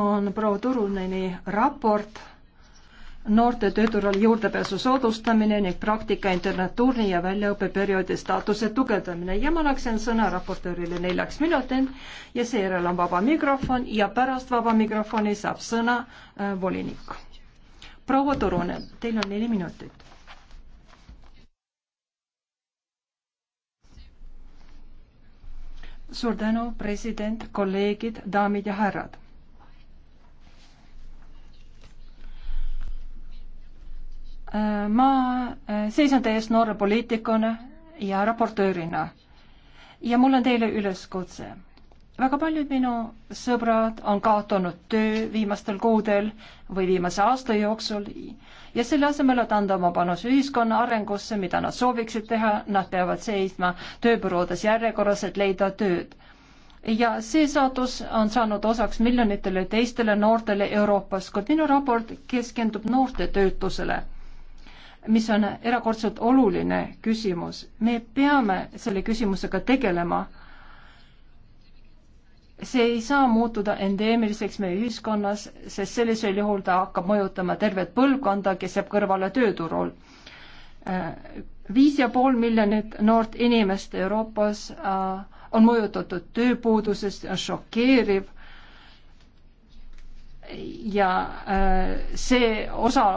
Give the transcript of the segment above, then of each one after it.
on proua Turuneni raport noorte tööturul juurdepääsu soodustamine ning praktika internatuuri ja väljaõppeperioodi staatuse tugevdamine ja ma annaksin sõna raportöörile neljaks minutil ja seejärel on vaba mikrofon ja pärast vaba mikrofoni saab sõna äh, volinik. proua Turunen, teil on neli minutit. suur tänu, president, kolleegid, daamid ja härrad ma äh, seisan teie ees noore poliitikuna ja raportöörina ja mul on teile üleskutse. väga paljud minu sõbrad on kaotanud töö viimastel kuudel või viimase aasta jooksul ja selle asemel, et anda oma panus ühiskonna arengusse, mida nad sooviksid teha, nad peavad seisma tööbüroodes järjekorras, et leida tööd. ja see saatus on saanud osaks miljonitele teistele noortele Euroopas, kuid minu raport keskendub noorte töötusele mis on erakordselt oluline küsimus. me peame selle küsimusega tegelema. see ei saa muutuda endeemiliseks meie ühiskonnas, sest sellisel juhul ta hakkab mõjutama tervet põlvkonda, kes jääb kõrvale tööturul. Äh, viis ja pool miljonit noort inimest Euroopas äh, on mõjutatud tööpuudusest, šokeeriv ja äh, see osa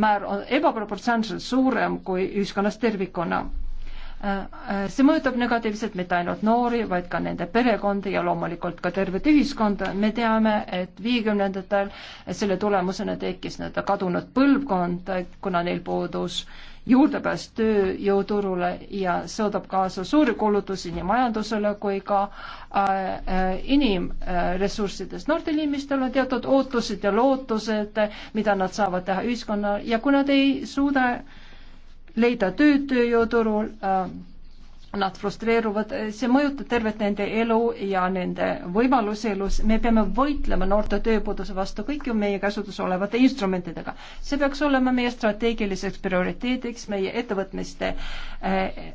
määr on ebaproportsionaalselt suurem kui ühiskonnas tervikuna. see mõjutab negatiivselt mitte ainult noori, vaid ka nende perekondi ja loomulikult ka tervet ühiskonda. me teame, et viiekümnendatel selle tulemusena tekkis nii-öelda kadunud põlvkond, kuna neil puudus äh, juurdepääs tööjõuturule ja see toodab kaasa suuri kulutusi nii majandusele kui ka äh, äh, inimressurssidest. noortel inimestel on teatud ootused ja lootused, mida nad saavad teha ühiskonnal ja kui nad ei suuda leida tööd tööjõuturul äh,, nad frustreeruvad, see mõjutab tervet nende elu ja nende võimalusi elus. me peame võitlema noorte tööpuuduse vastu kõiki meie käsutuses olevate instrumentidega. see peaks olema meie strateegiliseks prioriteediks meie ettevõtmiste eh,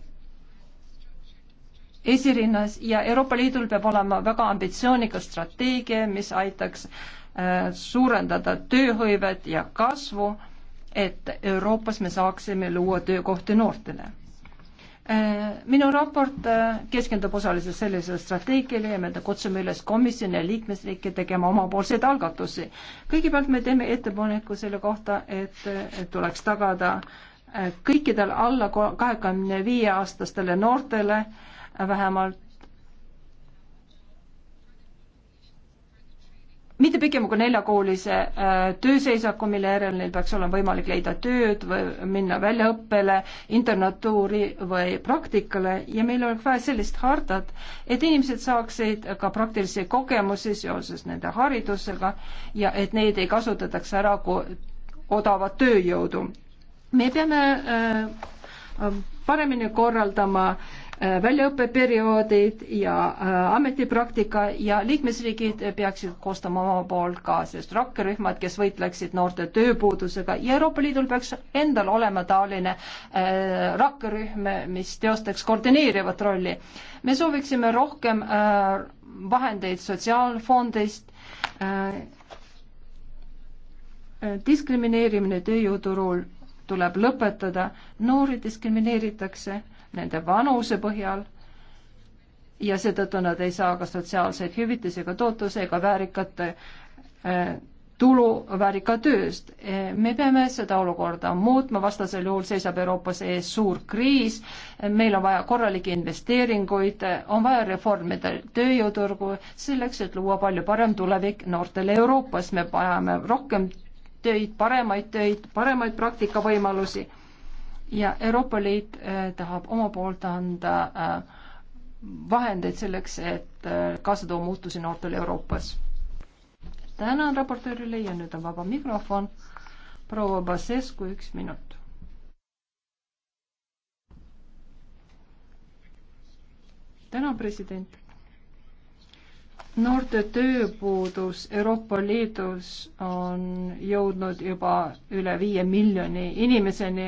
esirinnas ja Euroopa Liidul peab olema väga ambitsioonikas strateegia, mis aitaks eh, suurendada tööhõivet ja kasvu, et Euroopas me saaksime luua töökohti noortele Äh, minu raport äh, keskendub osaliselt sellisele strateegiale ja me kutsume üles komisjoni ja liikmesriike tegema omapoolseid algatusi. kõigepealt me teeme ettepaneku selle kohta, et äh, tuleks tagada kõikidel alla kahekümne viie aastastele noortele vähemalt mitte pikema kui neljakoolise äh, tööseisaku, mille järel neil peaks olema võimalik leida tööd või minna väljaõppele, internatuuri või praktikale ja meil oleks vaja sellist hardat, et inimesed saaksid ka praktilisi kogemusi seoses nende haridusega ja et neid ei kasutataks ära kui odavat tööjõudu. me peame äh, paremini korraldama äh, väljaõppeperioodid ja äh, ametipraktika ja liikmesriigid peaksid koostama oma poolt ka sellist rakkerühmad, kes võitleksid noorte tööpuudusega ja Euroopa Liidul peaks endal olema taoline äh, rakkerühm, mis teostaks koordineerivat rolli. me sooviksime rohkem äh, vahendeid sotsiaalfondist äh,, äh diskrimineerimine tööjõuturul tuleb lõpetada, noori diskrimineeritakse nende vanuse põhjal ja seetõttu nad ei saa ka sotsiaalseid hüvitisi ega tootluse ega väärikat äh, tulu väärika tööst. Äh, me peame seda olukorda muutma, vastasel juhul seisab Euroopas ees suur kriis, äh, meil on vaja korralikke investeeringuid, on vaja reformida tööjõuturgu selleks, et luua palju parem tulevik noortele Euroopas, me vajame rohkem töid, paremaid töid, paremaid praktikavõimalusi. ja Euroopa Liit äh, tahab oma poolt anda äh, vahendeid selleks, et äh, kaasa tuua muutusi noortele Euroopas. tänan raportöörile ja nüüd on vaba mikrofon. proua Basescu, üks minut. tänan, president noorte tööpuudus Euroopa Liidus on jõudnud juba üle viie miljoni inimeseni,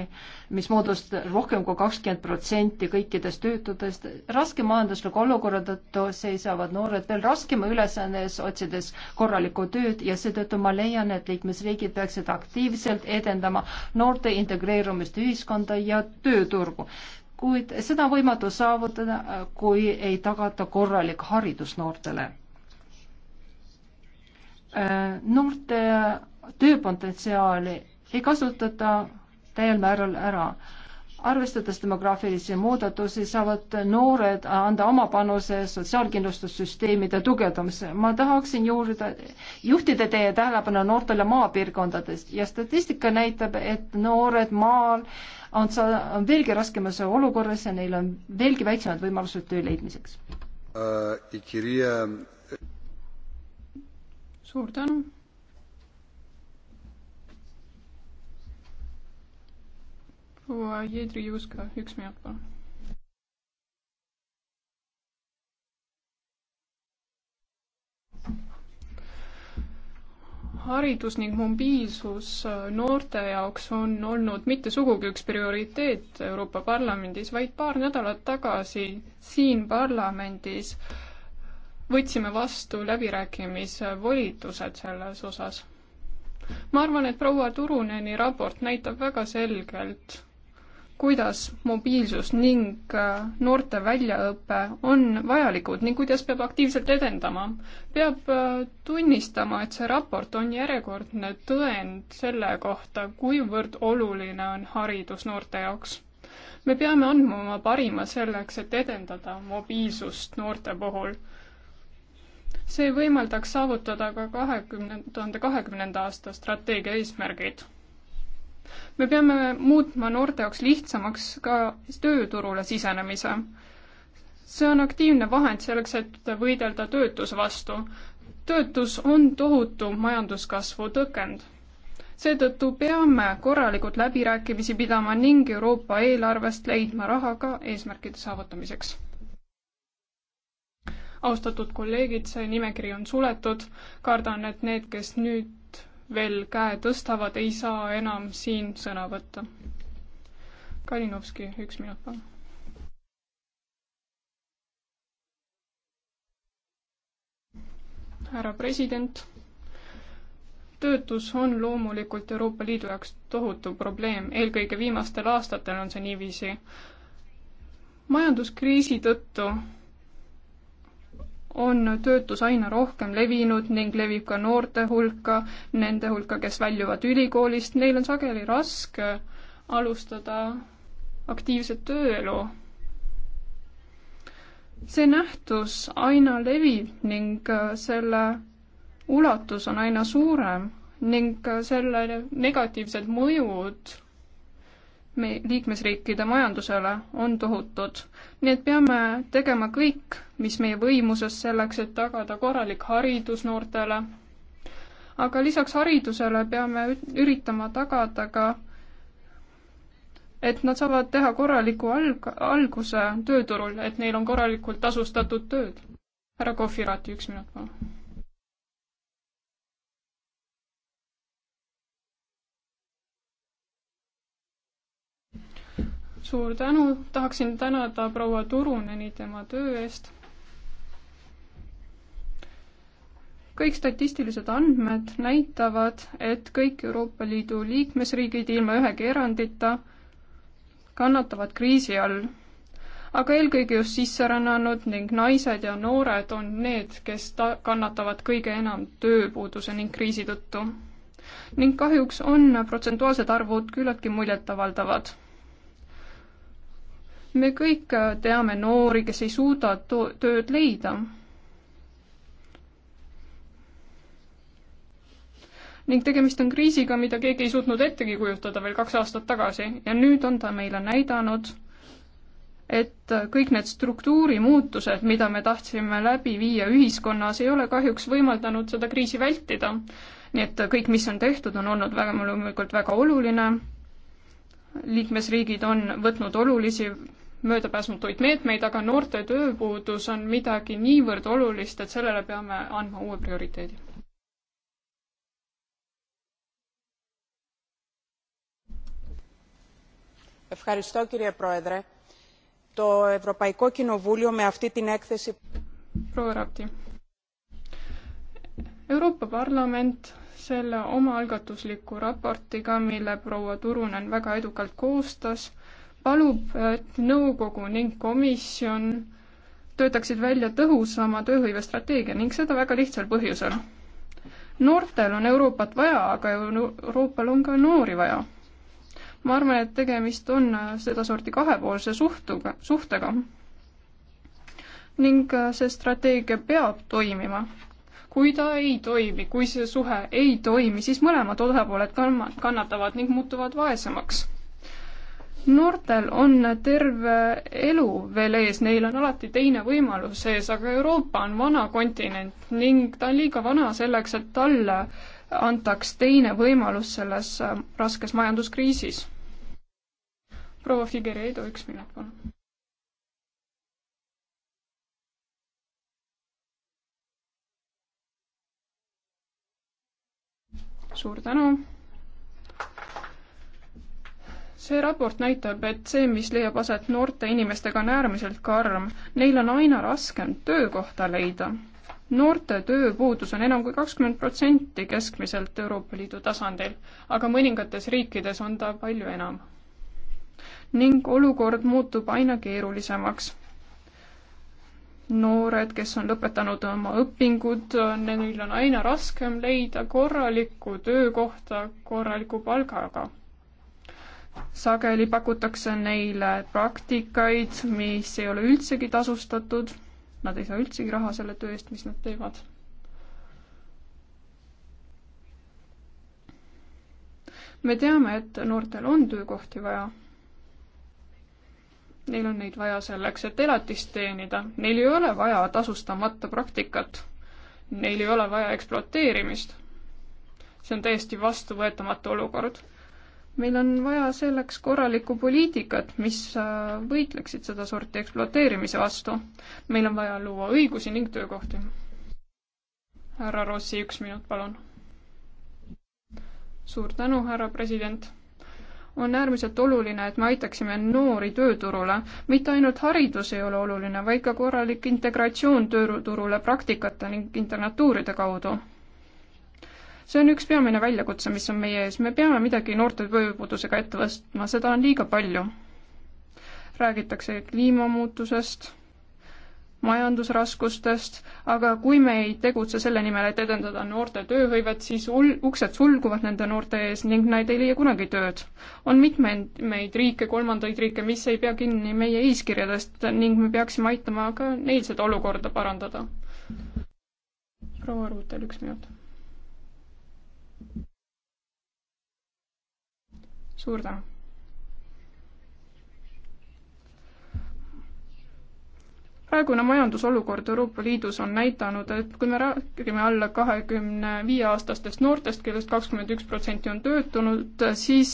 mis moodustab rohkem kui kakskümmend protsenti kõikidest töötudest. raske majandusliku olukorra tõttu seisavad noored veel raskema ülesanne ees, otsides korralikku tööd ja seetõttu ma leian, et liikmesriigid peaksid aktiivselt edendama noorte integreerumist ühiskonda ja tööturgu kuid seda on võimatu saavutada, kui ei tagata korralik haridus noortele Äh, noorte tööpotentsiaali ei kasutata täiel määral ära. arvestades demograafilisi muudatusi, saavad noored anda oma panuse sotsiaalkindlustussüsteemide tugevdamisse. ma tahaksin juurde, juhtida teie tähelepanu noortele maapiirkondadest ja statistika näitab, et noored maal on, on veelgi raskemas olukorras ja neil on veelgi väiksemad võimalused töö leidmiseks uh, suur tänu. proua Jeedri Juuska, üks minut, palun. haridus ning mobiilsus noorte jaoks on olnud mitte sugugi üks prioriteet Euroopa Parlamendis, vaid paar nädalat tagasi siin parlamendis äh, võtsime vastu läbirääkimisvolitused selles osas. ma arvan, et proua Turuneni raport näitab väga selgelt, kuidas mobiilsus ning äh, noorte väljaõpe on vajalikud ning kuidas peab aktiivselt edendama. peab äh, tunnistama, et see raport on järjekordne tõend selle kohta, kuivõrd oluline on haridus noorte jaoks. me peame andma oma parima selleks, et edendada mobiilsust noorte puhul see võimaldaks saavutada ka kahekümne, tuhande kahekümnenda aasta strateegia eesmärgid. me peame muutma noorte jaoks lihtsamaks ka tööturule sisenemise. see on aktiivne vahend selleks, et võidelda töötuse vastu. töötus on tohutu majanduskasvu tõkend. seetõttu peame korralikult läbirääkimisi pidama ning Euroopa eelarvest leidma raha ka eesmärkide saavutamiseks austatud kolleegid, see nimekiri on suletud. kardan, et need, kes nüüd veel käe tõstavad, ei saa enam siin sõna võtta. Kalinovski, üks minut, palun. härra president, töötus on loomulikult Euroopa Liidu jaoks tohutu probleem, eelkõige viimastel aastatel on see niiviisi. majanduskriisi tõttu on töötus aina rohkem levinud ning levib ka noorte hulka, nende hulka, kes väljuvad ülikoolist, neil on sageli raske alustada aktiivset tööelu. see nähtus aina levib ning äh, selle ulatus on aina suurem ning äh, selle negatiivsed mõjud me liikmesriikide majandusele on tohutud. nii et peame tegema kõik, mis meie võimuses selleks, et tagada korralik haridus noortele. aga lisaks haridusele peame üritama tagada ka, et nad saavad teha korraliku alg-, alguse tööturul, et neil on korralikult tasustatud tööd. härra Kohvirati, üks minut palun suur tänu, tahaksin tänada proua Turuneni tema töö eest. kõik statistilised andmed näitavad, et kõik Euroopa Liidu liikmesriigid ilma ühegi erandita kannatavad kriisi all. aga eelkõige just sisserännanud ning naised ja noored on need, kes ta-, kannatavad kõige enam tööpuuduse ning kriisi tõttu. ning kahjuks on protsentuaalsed arvud küllaltki muljetavaldavad me kõik teame noori, kes ei suuda tööd leida. ning tegemist on kriisiga, mida keegi ei suutnud ettegi kujutada veel kaks aastat tagasi ja nüüd on ta meile näidanud, et kõik need struktuurimuutused, mida me tahtsime läbi viia ühiskonnas, ei ole kahjuks võimaldanud seda kriisi vältida. nii et kõik, mis on tehtud, on olnud väga, loomulikult väga oluline liikmesriigid on võtnud olulisi möödapääsmatuid meetmeid, aga noorte tööpuudus on midagi niivõrd olulist, et sellele peame andma uue prioriteedi. Ευχαριστώ κύριε Πρόεδρε. Το Ευρωπαϊκό Κοινοβούλιο με αυτή την έκθεση... Προεράπτη. Euroopa Parlament selle omaalgatusliku raportiga, mille proua Turunen väga edukalt koostas, palub, et nõukogu ning komisjon töötaksid välja tõhusama tööhõivestrateegia ning seda väga lihtsal põhjusel. noortel on Euroopat vaja, aga Euroopal on ka noori vaja. ma arvan, et tegemist on sedasorti kahepoolse suhtuga, suhtega. ning see strateegia peab toimima. kui ta ei toimi, kui see suhe ei toimi, siis mõlemad osapooled kannatavad ning muutuvad vaesemaks noortel on terve elu veel ees, neil on alati teine võimalus ees, aga Euroopa on vana kontinent ning ta on liiga vana selleks, et talle antaks teine võimalus selles äh, raskes majanduskriisis. proua Figueiredo, üks minut, palun. suur tänu see raport näitab, et see, mis leiab aset noorte inimestega, on äärmiselt karm. Neil on aina raskem töökohta leida. noorte tööpuudus on enam kui kakskümmend protsenti keskmiselt Euroopa Liidu tasandil, aga mõningates riikides on ta palju enam. ning olukord muutub aina keerulisemaks. noored, kes on lõpetanud oma õpingud, neil on aina raskem leida korralikku töökohta korraliku palgaga sageli pakutakse neile praktikaid, mis ei ole üldsegi tasustatud, nad ei saa üldsegi raha selle töö eest, mis nad teevad. me teame, et noortel on töökohti vaja. Neil on neid vaja selleks, et elatist teenida, neil ei ole vaja tasustamata praktikat, neil ei ole vaja ekspluateerimist. see on täiesti vastuvõetamatu olukord meil on vaja selleks korralikku poliitikat, mis äh, võitleksid sedasorti ekspluateerimise vastu. meil on vaja luua õigusi ning töökohti. härra Rossi, üks minut, palun. suur tänu, härra president. on äärmiselt oluline, et me aitaksime noori tööturule. mitte ainult haridus ei ole oluline, vaid ka korralik integratsioon tööturule praktikate ning internatuuride kaudu see on üks peamine väljakutse, mis on meie ees, me peame midagi noorte tööpuudusega ette võtma, seda on liiga palju. räägitakse kliimamuutusest, majandusraskustest, aga kui me ei tegutse selle nimel, et edendada noorte tööhõivet, siis ul-, uksed sulguvad nende noorte ees ning nad ei leia kunagi tööd. on mitmeid meid riike, kolmandaid riike, mis ei pea kinni meie eeskirjadest ning me peaksime aitama ka neil seda olukorda parandada. proua Ruutel, üks minut suur tänu! praegune majandusolukord Euroopa Liidus on näidanud, et kui me räägime alla kahekümne viie aastastest noortest, kellest kakskümmend üks protsenti on töötunud, siis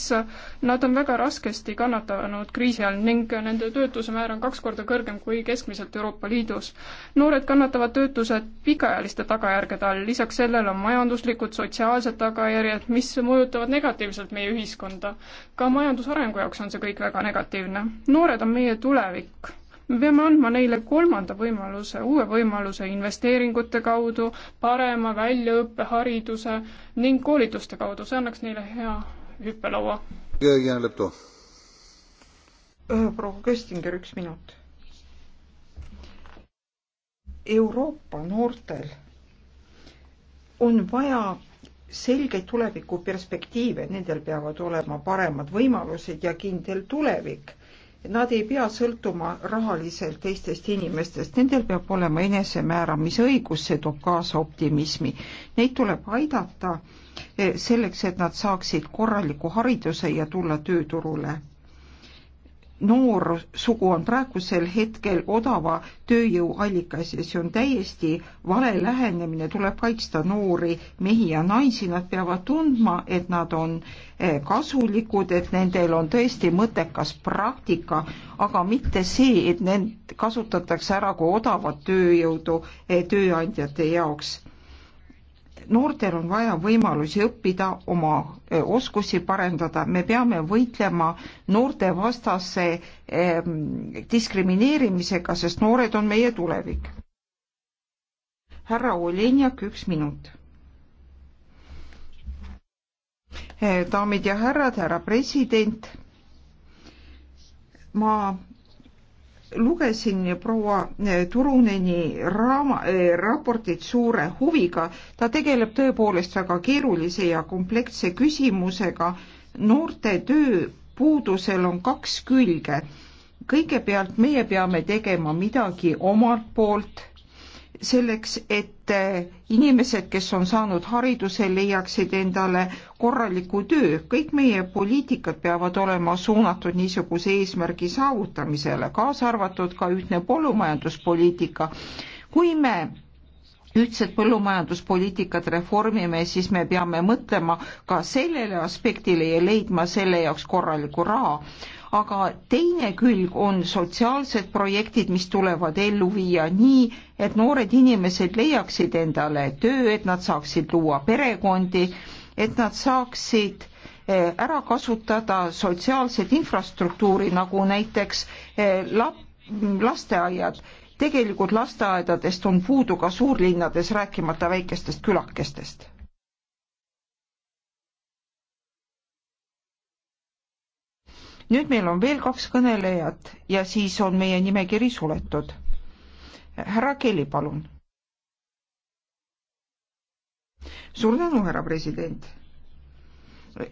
nad on väga raskesti kannatanud kriisi all ning nende töötuse määr on kaks korda kõrgem kui keskmiselt Euroopa Liidus. noored kannatavad töötuse pikaajaliste tagajärgede all, lisaks sellele on majanduslikud, sotsiaalsed tagajärjed, mis mõjutavad negatiivselt meie ühiskonda. ka majandusarengu jaoks on see kõik väga negatiivne. noored on meie tulevik me peame andma neile kolmanda võimaluse, uue võimaluse investeeringute kaudu, parema väljaõppe, hariduse ning koolituste kaudu, see annaks neile hea hüppelaua. proua Köstinger, üks minut. Euroopa noortel on vaja selgeid tulevikuperspektiive, nendel peavad olema paremad võimalused ja kindel tulevik Nad ei pea sõltuma rahaliselt teistest inimestest, nendel peab olema enesemääramisõigus, see toob kaasa optimismi. Neid tuleb aidata eh, selleks, et nad saaksid korraliku hariduse ja tulla tööturule noor sugu on praegusel hetkel odava tööjõu allikas ja see on täiesti vale lähenemine, tuleb kaitsta noori mehi ja naisi, nad peavad tundma, et nad on eh, kasulikud, et nendel on tõesti mõttekas praktika, aga mitte see, et need kasutatakse ära kui odavat tööjõudu eh, tööandjate jaoks noortel on vaja võimalusi õppida, oma oskusi parendada, me peame võitlema noorte vastase diskrimineerimisega, sest noored on meie tulevik. härra Olenjak, üks minut. daamid ja härrad, härra president, ma lugesin proua eh, Turuneni raama, eh, raportit suure huviga. ta tegeleb tõepoolest väga keerulise ja kompleksse küsimusega. noorte tööpuudusel on kaks külge. kõigepealt meie peame tegema midagi omalt poolt selleks, et eh, inimesed, kes on saanud hariduse, leiaksid endale korraliku töö. kõik meie poliitikad peavad olema suunatud niisuguse eesmärgi saavutamisele, kaasa arvatud ka ühtne põllumajanduspoliitika. kui me ühtset põllumajanduspoliitikat reformime, siis me peame mõtlema ka sellele aspektile ja leidma selle jaoks korraliku raha aga teine külg on sotsiaalsed projektid, mis tulevad ellu viia nii, et noored inimesed leiaksid endale töö, et nad saaksid luua perekondi, et nad saaksid eh, ära kasutada sotsiaalset infrastruktuuri, nagu näiteks eh, lap-, lasteaiad. tegelikult lasteaedadest on puudu ka suurlinnades, rääkimata väikestest külakestest nüüd meil on veel kaks kõnelejat ja siis on meie nimekiri suletud. härra Kelly, palun. suur tänu, härra president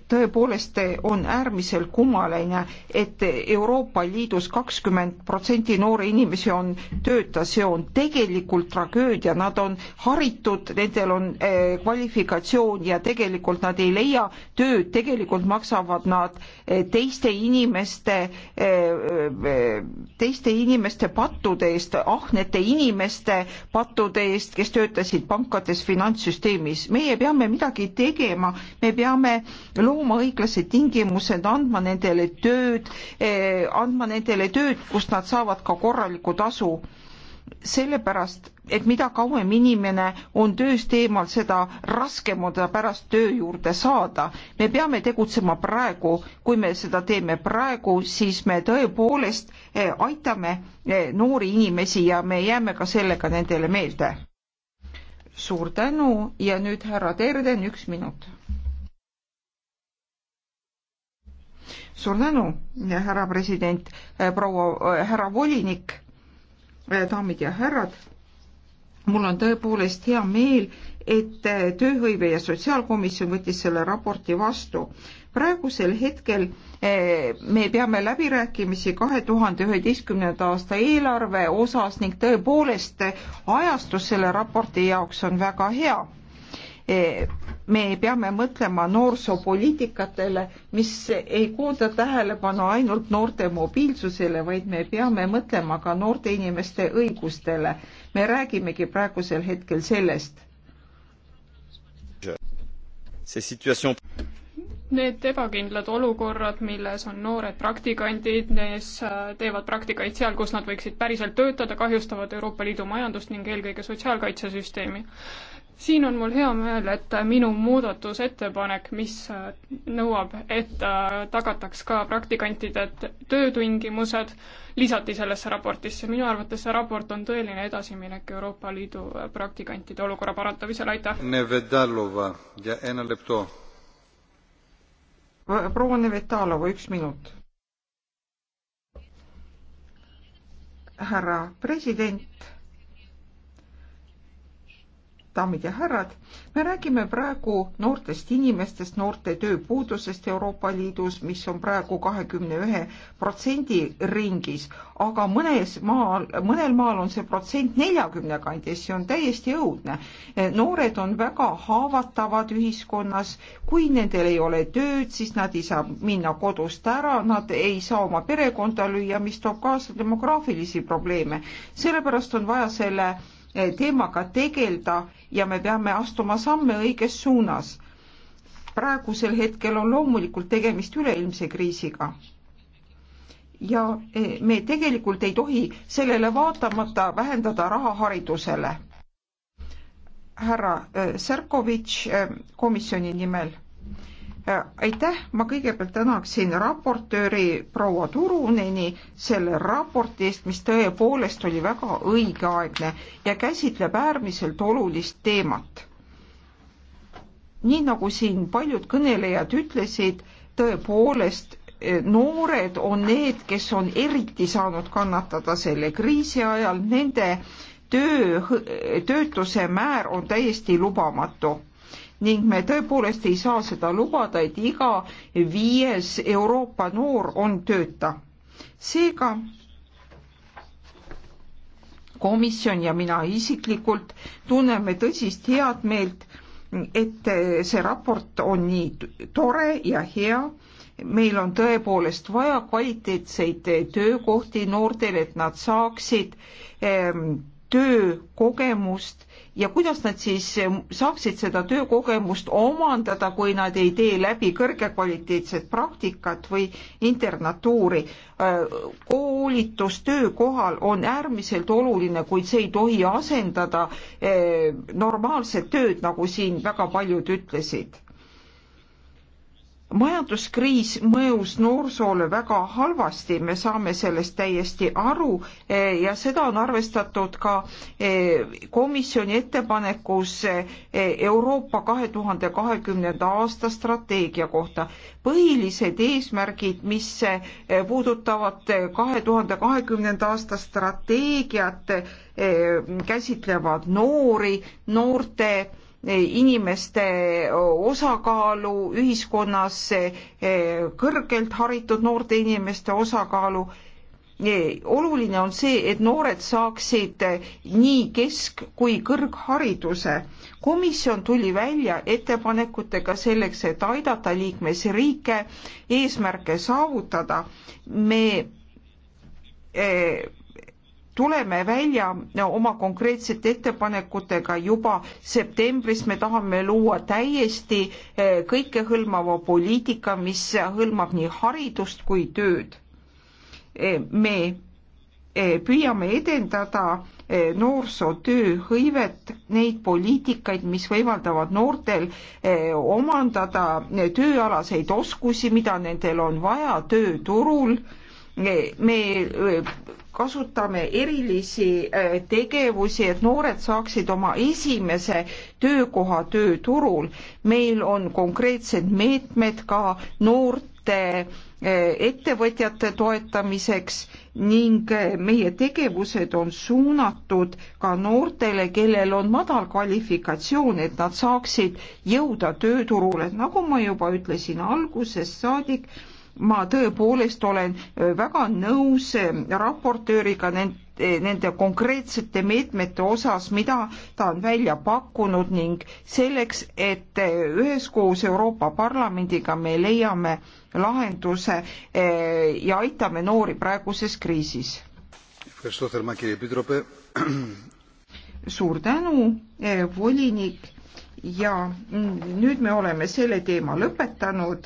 tõepoolest on äärmiselt kummaline, et Euroopa Liidus kakskümmend protsenti noori inimesi on tööta, see on tegelikult tragöödia, nad on haritud, nendel on eh, kvalifikatsioon ja tegelikult nad ei leia tööd, tegelikult maksavad nad eh, teiste inimeste, eh, teiste inimeste pattude eest, ahnete inimeste pattude eest, kes töötasid pankades, finantssüsteemis. meie peame midagi tegema, me peame looma õiglased tingimused, andma nendele tööd, eh, andma nendele tööd, kust nad saavad ka korralikku tasu sellepärast, et mida kauem inimene on tööst eemal, seda raskem on ta pärast töö juurde saada. me peame tegutsema praegu, kui me seda teeme praegu, siis me tõepoolest eh, aitame eh, noori inimesi ja me jääme ka sellega nendele meelde. suur tänu ja nüüd härra Terden, üks minut suur tänu, härra president, eh, proua, eh, härra volinik, eh, daamid ja härrad. mul on tõepoolest hea meel, et Tööhõive ja Sotsiaalkomisjon võttis selle raporti vastu. praegusel hetkel me peame läbirääkimisi kahe tuhande üheteistkümnenda aasta eelarve osas ning tõepoolest ajastus selle raporti jaoks on väga hea me peame mõtlema noorsoopoliitikatele, mis ei kuulda tähelepanu ainult noorte mobiilsusele, vaid me peame mõtlema ka noorte inimeste õigustele. me räägimegi praegusel hetkel sellest. Need ebakindlad olukorrad, milles on noored praktikandid, kes äh, teevad praktikaid seal, kus nad võiksid päriselt töötada, kahjustavad Euroopa Liidu majandust ning eelkõige sotsiaalkaitsesüsteemi siin on mul hea meel, et minu muudatusettepanek, mis äh, nõuab, et äh, tagataks ka praktikantide töötingimused, lisati sellesse raportisse. minu arvates see raport on tõeline edasiminek Euroopa Liidu äh, praktikantide olukorra parandamisel, aitäh! Nevedalova ja Ena Lepto. proua Nevedalova, üks minut. härra president daamid ja härrad, me räägime praegu noortest inimestest, noorte tööpuudusest Euroopa Liidus, mis on praegu kahekümne ühe protsendi ringis, aga mõnes maal, mõnel maal on see protsent neljakümne kandis, see on täiesti õudne. noored on väga haavatavad ühiskonnas, kui nendel ei ole tööd, siis nad ei saa minna kodust ära, nad ei saa oma perekonda lüüa, mis toob kaasa demograafilisi probleeme. sellepärast on vaja selle Eh, teemaga tegeleda ja me peame astuma samme õiges suunas. praegusel hetkel on loomulikult tegemist üleilmse kriisiga. ja eh, me tegelikult ei tohi sellele vaatamata vähendada raha haridusele. härra eh, Serkovitš komisjoni nimel Äh, aitäh, ma kõigepealt tänaksin raportööri proua Turuneni selle raporti eest, mis tõepoolest oli väga õigeaegne ja käsitleb äärmiselt olulist teemat. nii nagu siin paljud kõnelejad ütlesid, tõepoolest äh, noored on need, kes on eriti saanud kannatada selle kriisi ajal, nende töö, töötuse määr on täiesti lubamatu ning me tõepoolest ei saa seda lubada, et iga viies Euroopa noor on tööta. seega komisjon ja mina isiklikult tunneme tõsist head meelt, et see raport on nii tore ja hea, meil on tõepoolest vaja kvaliteetseid töökohti noortele, et nad saaksid ähm, töökogemust ja kuidas nad siis eh, saaksid seda töökogemust omandada, kui nad ei tee läbi kõrgekvaliteetset praktikat või internatuuri. Eh, koolitus töökohal on äärmiselt oluline, kuid see ei tohi asendada eh, normaalset tööd, nagu siin väga paljud ütlesid majanduskriis mõjus noorsoole väga halvasti, me saame sellest täiesti aru e, ja seda on arvestatud ka e, komisjoni ettepanekus e, Euroopa kahe tuhande kahekümnenda aasta strateegia kohta. põhilised eesmärgid, mis puudutavad kahe tuhande kahekümnenda aasta strateegiat, käsitlevad noori, noorte inimeste osakaalu ühiskonnas, kõrgelt haritud noorte inimeste osakaalu. oluline on see, et noored saaksid nii kesk- kui kõrghariduse. komisjon tuli välja ettepanekutega selleks, et aidata liikmesriike eesmärke saavutada. me eh, tuleme välja oma konkreetsete ettepanekutega juba septembris, me tahame luua täiesti eh, kõikehõlmava poliitika, mis hõlmab nii haridust kui tööd. Eh, me eh, püüame edendada noorsootööhõivet, neid poliitikaid, mis võimaldavad noortel omandada tööalaseid oskusi, mida nendel on vaja tööturul me kasutame erilisi äh, tegevusi, et noored saaksid oma esimese töökoha tööturul. meil on konkreetsed meetmed ka noorte äh, ettevõtjate toetamiseks ning äh, meie tegevused on suunatud ka noortele, kellel on madal kvalifikatsioon, et nad saaksid jõuda tööturule, nagu ma juba ütlesin algusest saadik ma tõepoolest olen väga nõus raportööriga nende konkreetsete meetmete osas, mida ta on välja pakkunud ning selleks, et üheskoos Euroopa Parlamendiga me leiame lahenduse ja aitame noori praeguses kriisis. suur tänu, volinik ja mm, nüüd me oleme selle teema lõpetanud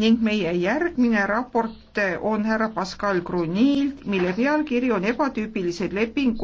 ning meie järgmine raport on härra Pascal Grunilt, mille pealkiri on ebatüüpilised lepingud